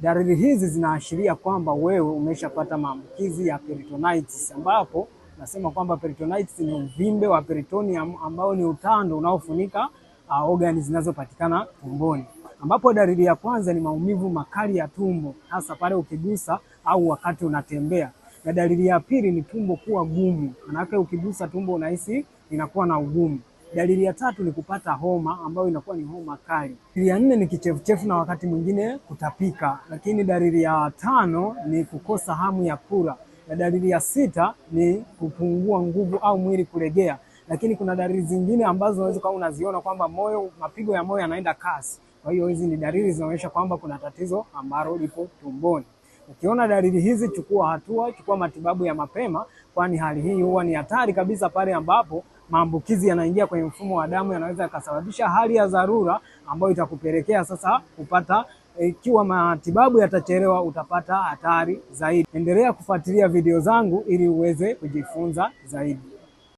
Dalili hizi zinaashiria kwamba wewe umeshapata maambukizi ya peritonitis, ambapo nasema kwamba peritonitis ni uvimbe wa peritoneum ambao ni utando unaofunika uh, ogani zinazopatikana tumboni, ambapo dalili ya kwanza ni maumivu makali ya tumbo, hasa pale ukigusa au wakati unatembea, na dalili ya pili ni tumbo kuwa gumu, manake ukigusa tumbo unahisi inakuwa na ugumu. Dalili ya tatu ni kupata homa ambayo inakuwa ni homa kali. Dalili ya nne ni kichefuchefu na wakati mwingine kutapika. Lakini dalili ya tano ni kukosa hamu ya kula, na dalili ya sita ni kupungua nguvu au mwili kulegea. Lakini kuna dalili zingine ambazo unaweza kuwa unaziona kwamba moyo, mapigo ya moyo yanaenda kasi. Kwa hiyo hizi ni dalili zinaonyesha kwamba kuna tatizo ambalo lipo tumboni. Ukiona dalili hizi, chukua hatua, chukua matibabu ya mapema, kwani hali hii huwa ni hatari kabisa pale ambapo maambukizi yanaingia kwenye mfumo wa damu, yanaweza yakasababisha hali ya dharura ambayo itakupelekea sasa kupata ikiwa matibabu yatachelewa, utapata hatari zaidi. Endelea kufuatilia video zangu ili uweze kujifunza zaidi.